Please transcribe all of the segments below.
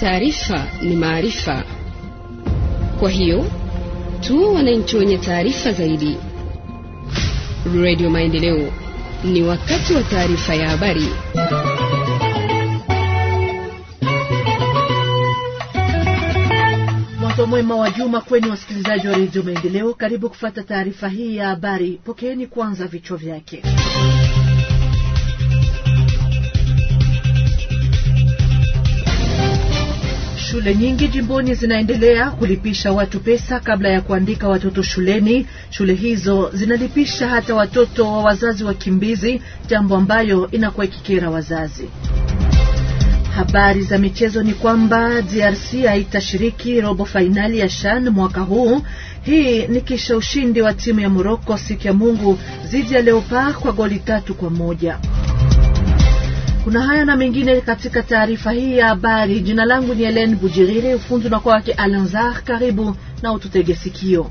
Taarifa ni maarifa, kwa hiyo tu wananchi wenye taarifa zaidi. Radio Maendeleo, ni wakati wa taarifa ya habari. Mwanzo mwema wa juma kwenu wasikilizaji wa Radio Maendeleo. Karibu kufata taarifa hii ya habari. Pokeeni kwanza vichwa vyake. Shule nyingi jimboni zinaendelea kulipisha watu pesa kabla ya kuandika watoto shuleni. Shule hizo zinalipisha hata watoto wa wazazi wakimbizi, jambo ambayo inakuwa ikikera wazazi. Habari za michezo ni kwamba DRC haitashiriki robo fainali ya shan mwaka huu. Hii ni kisha ushindi wa timu ya Moroko siku ya Mungu dhidi ya Leopard kwa goli tatu kwa moja. Kuna haya na mengine katika taarifa hii ya habari. Jina langu ni Helen Bujiriri, ufundi na kwake Alanzar. Karibu na ututege sikio.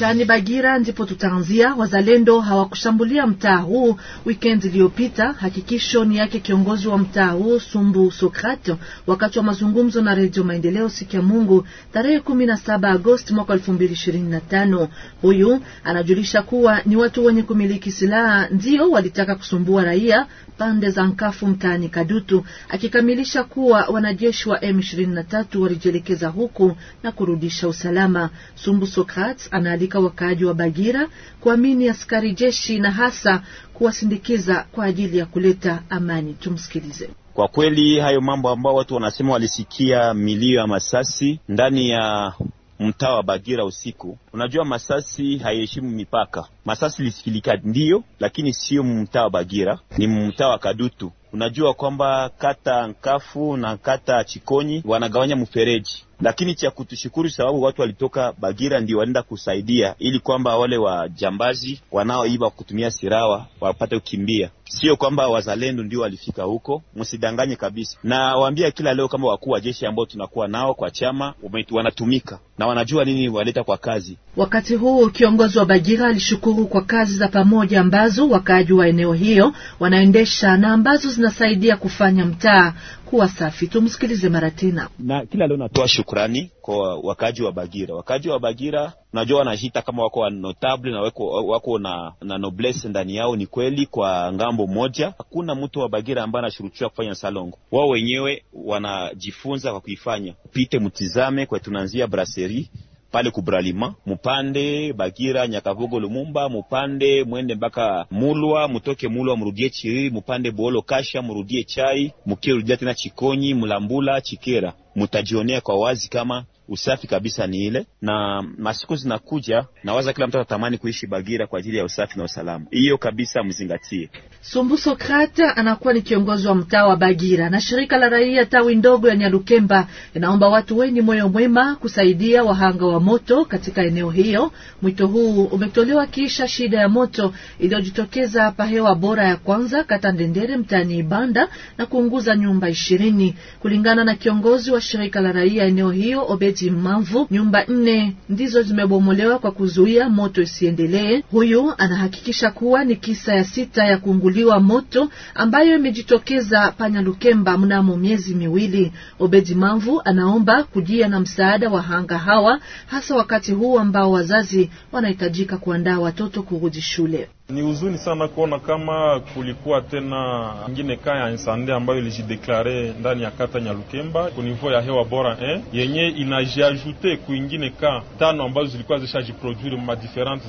mtaani Bagira ndipo tutaanzia. Wazalendo hawakushambulia mtaa huu weekend iliyopita. Hakikisho ni yake kiongozi wa mtaa huu Sumbu Sokrate wakati wa mazungumzo na Redio Maendeleo siku ya Mungu tarehe 17 Agosti mwaka 2025. Huyu anajulisha kuwa ni watu wenye kumiliki silaha ndio walitaka kusumbua raia pande za Nkafu mtaani Kadutu, akikamilisha kuwa wanajeshi wa M23 walijielekeza huku na kurudisha usalama. Sumbu Sokrate anaalika katika wakaaji wa Bagira kuamini askari jeshi na hasa kuwasindikiza kwa ajili ya kuleta amani. Tumsikilize. Kwa kweli hayo mambo ambao watu wanasema walisikia milio ya masasi ndani ya mtaa wa Bagira usiku. Unajua, masasi haiheshimu mipaka. Masasi lisikilika ndio, lakini sio mtaa wa Bagira, ni mtaa wa Kadutu. Unajua kwamba kata Nkafu na kata Chikonyi wanagawanya mfereji lakini cha kutushukuru sababu watu walitoka Bagira ndio waenda kusaidia ili kwamba wale wajambazi wanaoiba kutumia sirawa wapate kukimbia. Sio kwamba wazalendo ndio walifika huko, msidanganye kabisa. Na waambia kila leo kama wakuu wa jeshi ambao tunakuwa nao kwa chama wanatumika na wanajua nini waleta kwa kazi. Wakati huo kiongozi wa Bagira alishukuru kwa kazi za pamoja ambazo wakaaji wa eneo hiyo wanaendesha na ambazo zinasaidia kufanya mtaa kuwa safi. Tumsikilize mara tena. Na kila leo natoa shukrani kwa wakaji wa Bagira, wakaji wa Bagira Unajua, wanashita kama wako wanotable notable na wako, wako na, na noblesse ndani yao. Ni kweli kwa ngambo moja, hakuna mtu wa Bagira ambaye anashurutishwa kufanya salongo. Wao wenyewe wanajifunza kwa kuifanya. pite mtizame kwa, tunaanzia brasserie pale kubralima mupande Bagira, Nyakavugo, Lumumba mupande mwende mpaka Mulwa, mutoke Mulwa murudie Chiriri, mupande Boolo Kasha murudie Chai, mukirudia tena Chikonyi, Mulambula, Chikera mutajionea kwa wazi kama usafi kabisa ni ile, na masiku zinakuja, nawaza kila mtu atatamani kuishi Bagira kwa ajili ya usafi na usalama. Hiyo kabisa mzingatie. Sumbu Sokrata anakuwa ni kiongozi wa mtaa wa Bagira, na shirika la raia tawi ndogo ya Nyalukemba inaomba watu wenye moyo mwema kusaidia wahanga wa moto katika eneo hiyo. Mwito huu umetolewa kisha shida ya moto iliyojitokeza hapa hewa bora ya kwanza kata Ndendere mtaani Ibanda na kuunguza nyumba ishirini kulingana na kiongozi wa shirika la raia eneo hiyo Obedi Mavu, nyumba nne ndizo zimebomolewa kwa kuzuia moto isiendelee. Huyu anahakikisha kuwa ni kisa ya sita ya kuunguliwa moto ambayo imejitokeza Panyalukemba mnamo miezi miwili. Obedi Mavu anaomba kujia na msaada wa hanga hawa, hasa wakati huu ambao wazazi wanahitajika kuandaa watoto kurudi shule. Ni huzuni sana kuona kama kulikuwa tena ingine kaa ya insande ambayo ilijideklare ndani ya kata Nyalukemba kunivo ya hewa bora eh, yenye inajiajute kuingine ka tano ambazo zilikuwa zishajiproduire ma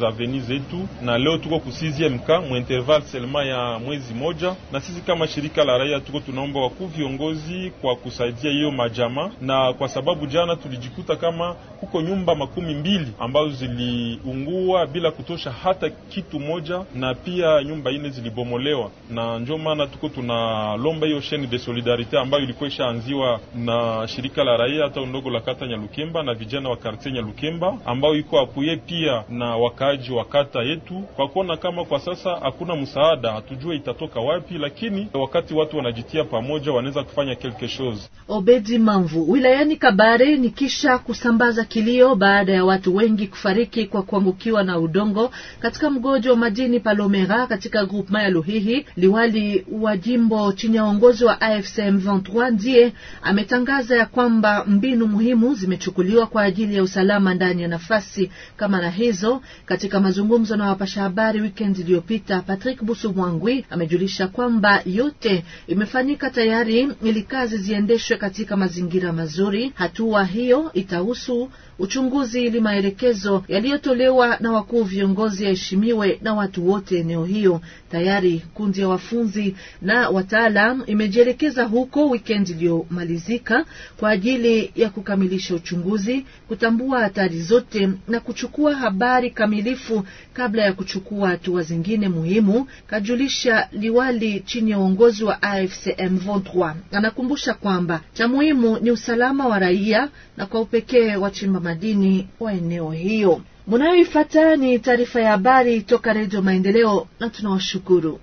za veni zetu, na leo tuko ku 6e ka mu interval selma ya mwezi moja, na sisi kama shirika la raia tuko tunaomba wakuu viongozi kwa kusaidia hiyo majama, na kwa sababu jana tulijikuta kama kuko nyumba makumi mbili ambazo ziliungua bila kutosha hata kitu moja na pia nyumba ine zilibomolewa, na ndio maana tuko tunalomba hiyo sheni de solidarite ambayo ilikuwa ishaanziwa na shirika la raia hata ndogo la kata Nyalukemba na vijana wa kartie Nyalukemba, ambayo iko apuye pia na wakaaji wa kata yetu, kwa kuona kama kwa sasa hakuna msaada, hatujue itatoka wapi, lakini wakati watu wanajitia pamoja wanaweza kufanya quelque chose. Obedi Mamvu wilayani Kabare ni kisha kusambaza kilio baada ya watu wengi kufariki kwa kuangukiwa na udongo katika mgojo wa madini mtaani Palomera katika grupema ya Luhihi. Liwali wa jimbo chini ya uongozi wa AFC M23 ndiye ametangaza ya kwamba mbinu muhimu zimechukuliwa kwa ajili ya usalama ndani ya nafasi kama na hizo. Katika mazungumzo na wapasha habari weekend iliyopita, Patrick Busu Mwangwi amejulisha kwamba yote imefanyika tayari ili kazi ziendeshwe katika mazingira mazuri. Hatua hiyo itahusu uchunguzi ili maelekezo yaliyotolewa na wakuu viongozi yaheshimiwe na watu wote eneo hiyo. Tayari kundi ya wafunzi na wataalam imejielekeza huko wikendi iliyomalizika kwa ajili ya kukamilisha uchunguzi, kutambua hatari zote na kuchukua habari kamilifu kabla ya kuchukua hatua zingine muhimu, kajulisha liwali chini ya uongozi wa AFCM 23. Anakumbusha kwamba cha muhimu ni usalama wa raia na kwa upekee wachimba madini wa eneo hiyo munayoifata ni taarifa ya habari toka Redio Maendeleo na tunawashukuru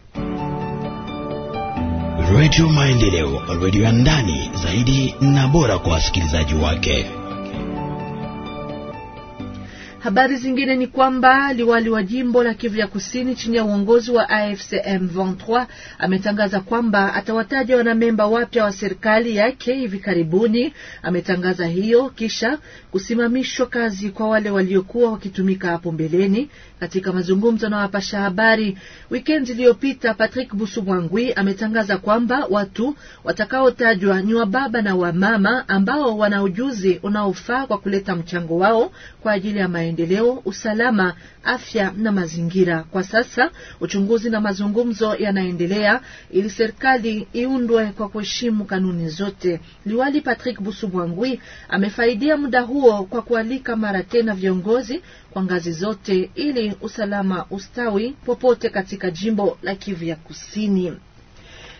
Redio Maendeleo, redio ya ndani zaidi na bora kwa wasikilizaji wake. Habari zingine ni kwamba liwali wa jimbo la Kivu ya Kusini chini ya uongozi wa AFCM 23 ametangaza kwamba atawataja wanamemba wapya wa serikali yake hivi karibuni. Ametangaza hiyo kisha kusimamishwa kazi kwa wale waliokuwa wakitumika hapo mbeleni katika mazungumzo na wapasha habari wikendi iliyopita, Patrick busubwangwi ametangaza kwamba watu watakaotajwa ni wa baba na wamama ambao wana ujuzi unaofaa kwa kuleta mchango wao kwa ajili ya maendeleo, usalama, afya na mazingira. Kwa sasa uchunguzi na mazungumzo yanaendelea ili serikali iundwe kwa kuheshimu kanuni zote. Liwali Patrick busubwangwi amefaidia muda huo kwa kualika mara tena viongozi kwa ngazi zote ili usalama ustawi popote katika jimbo la Kivu ya Kusini.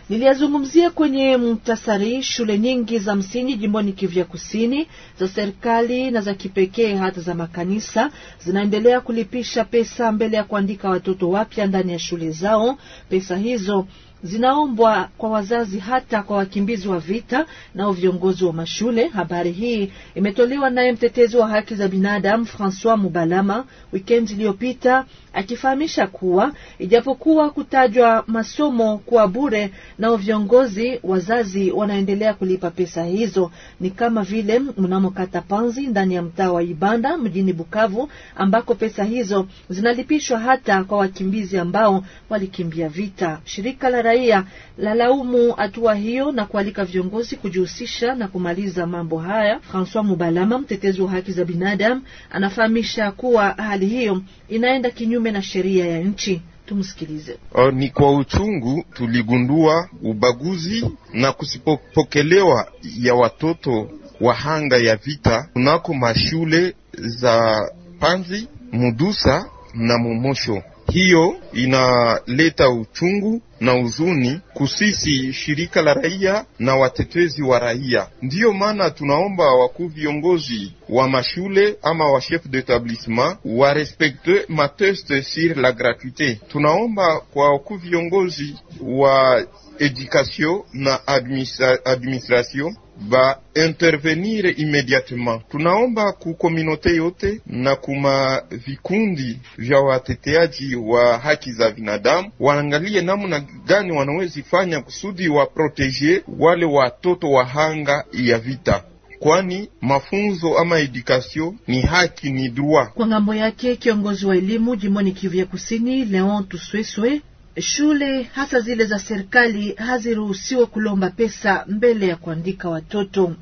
Niliyazungumzia kwenye mtasari. Shule nyingi za msingi jimboni Kivu ya Kusini, za serikali na za kipekee, hata za makanisa, zinaendelea kulipisha pesa mbele ya kuandika watoto wapya ndani ya shule zao. Pesa hizo zinaombwa kwa wazazi hata kwa wakimbizi wa vita nao viongozi wa mashule. Habari hii imetolewa naye mtetezi wa haki za binadamu Francois Mubalama wikendi iliyopita, akifahamisha kuwa ijapokuwa kutajwa masomo kuwa bure, nao viongozi wazazi wanaendelea kulipa pesa hizo, ni kama vile mnamo kata Panzi ndani ya mtaa wa Ibanda mjini Bukavu, ambako pesa hizo zinalipishwa hata kwa wakimbizi ambao walikimbia vita. Shirika la raia lalaumu hatua hiyo na kualika viongozi kujihusisha na kumaliza mambo haya. Francois Mubalama, mtetezi wa haki za binadamu, anafahamisha kuwa hali hiyo inaenda kinyume na sheria ya nchi. Tumsikilize. Uh, ni kwa uchungu tuligundua ubaguzi na kusipopokelewa ya watoto wahanga ya vita kunako mashule za Panzi, Mudusa na Mumosho hiyo inaleta uchungu na huzuni kusisi shirika la raia na watetezi wa raia. Ndiyo maana tunaomba wakuu viongozi wa mashule ama wa chef d'etablissement wa respecte mateste sur la gratuite. Tunaomba kwa wakuu viongozi wa éducation na administra, administration ba intervenire immédiatement Tunaomba ku kominote yote na kuma vikundi vya wateteaji wa haki za binadamu waangalie namna gani wanawezi fanya kusudi wa proteje wale watoto wahanga ya vita kwani mafunzo ama edukasio ni haki, ni droit. Kwa ngambo yake kiongozi wa elimu jimboni Kivu ya Kusini Leon Tusweswe Shule hasa zile za serikali haziruhusiwa kulomba pesa mbele ya kuandika watoto.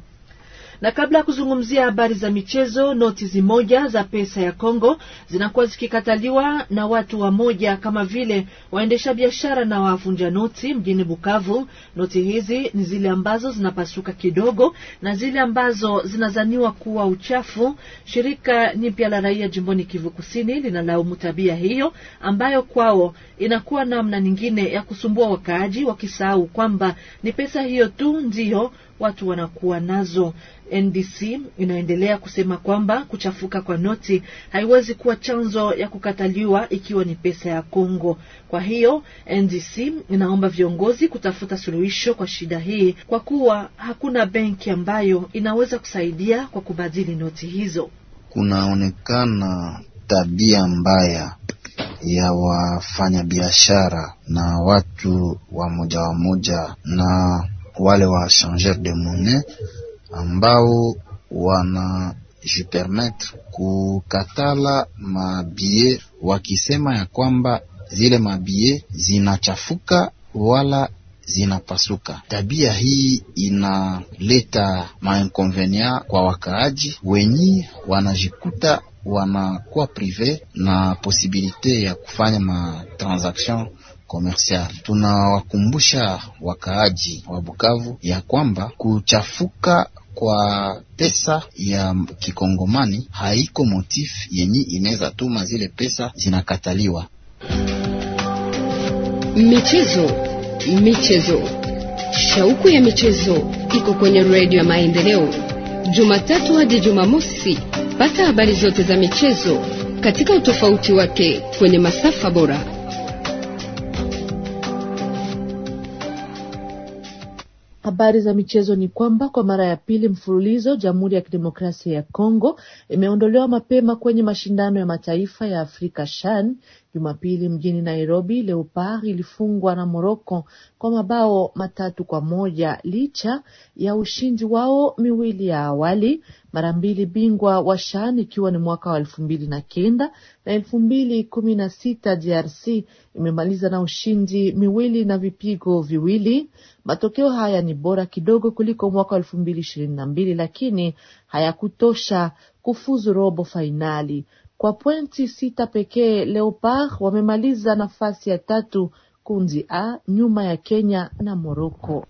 Na kabla ya kuzungumzia habari za michezo, noti zimoja za pesa ya Kongo zinakuwa zikikataliwa na watu wamoja kama vile waendesha biashara na wavunja noti mjini Bukavu. Noti hizi ni zile ambazo zinapasuka kidogo na zile ambazo zinazaniwa kuwa uchafu. Shirika nipya la raia jimboni Kivu Kusini linalaumu tabia hiyo ambayo kwao inakuwa namna nyingine ya kusumbua wakaaji, wakisahau kwamba ni pesa hiyo tu ndiyo watu wanakuwa nazo. NDC inaendelea kusema kwamba kuchafuka kwa noti haiwezi kuwa chanzo ya kukataliwa ikiwa ni pesa ya Kongo. Kwa hiyo NDC inaomba viongozi kutafuta suluhisho kwa shida hii, kwa kuwa hakuna benki ambayo inaweza kusaidia kwa kubadili noti hizo. Kunaonekana tabia mbaya ya wafanyabiashara na watu wa moja wa moja na wale wa changer de monnaie ambao wanajipermetre kukatala mabie wakisema ya kwamba zile mabie zinachafuka wala zinapasuka. Tabia hii inaleta mainconvenia kwa wakaaji wenyi wanajikuta wanakuwa prive na posibilite ya kufanya matransaction commercial. Tunawakumbusha wakaaji wa Bukavu ya kwamba kuchafuka kwa pesa ya kikongomani haiko motif yenye inaweza tuma zile pesa zinakataliwa. Michezo, michezo, shauku ya michezo iko kwenye redio ya Maendeleo, Jumatatu hadi Jumamosi. Pata habari zote za michezo katika utofauti wake kwenye masafa bora. Habari za michezo ni kwamba kwa mara ya pili mfululizo Jamhuri ya Kidemokrasia ya Kongo imeondolewa mapema kwenye mashindano ya mataifa ya Afrika CHAN Jumapili mjini Nairobi, Leopard ilifungwa na Morocco kwa mabao matatu kwa moja licha ya ushindi wao miwili ya awali, mara mbili bingwa wa shan ikiwa ni mwaka wa elfu mbili na kenda na elfu mbili kumi na sita. DRC imemaliza na ushindi miwili na vipigo viwili. Matokeo haya ni bora kidogo kuliko mwaka wa elfu mbili ishirini na mbili, lakini hayakutosha kufuzu robo fainali kwa pointi sita pekee. Leopard wamemaliza nafasi ya tatu kundi A nyuma ya Kenya na Moroko.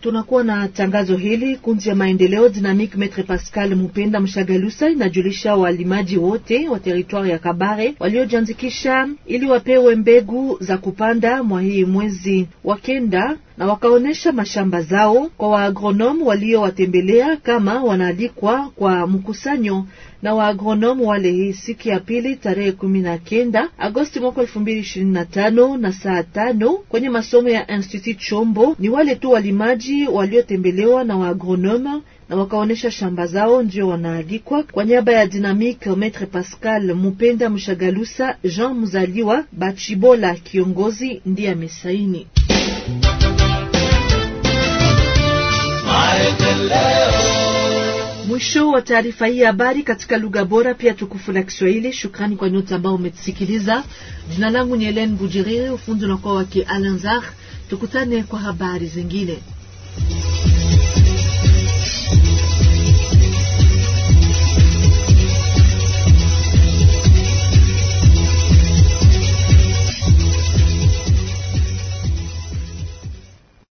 Tunakuwa na tangazo hili. Kundi ya maendeleo Dynamique Maitre Pascal Mupenda Mshagalusa inajulisha walimaji wote wa teritwari ya Kabare waliojiandikisha ili wapewe mbegu za kupanda mwa hii mwezi wa kenda na wakaonyesha mashamba zao kwa waagronomu waliowatembelea kama wanaalikwa kwa mkusanyo na waagronomu wale hii siku ya pili tarehe kumi na kenda Agosti mwaka elfu mbili ishirini na tano na saa tano kwenye masomo ya Institut Chombo. Ni wale tu walimaji waliotembelewa na waagronomu na wakaonyesha shamba zao ndio wanaalikwa kwa niaba ya Dynamique. Maitre Pascal Mupenda Mshagalusa Jean Muzaliwa Bachibola kiongozi ndiye amesaini Mwisho wa taarifa hii habari katika lugha bora pia tukufu la Kiswahili. Shukrani kwa nyote ambao umetusikiliza. Jina langu ni Helen Bujiriri, ufundi unakuwa wake Alanzar. Tukutane kwa habari zingine.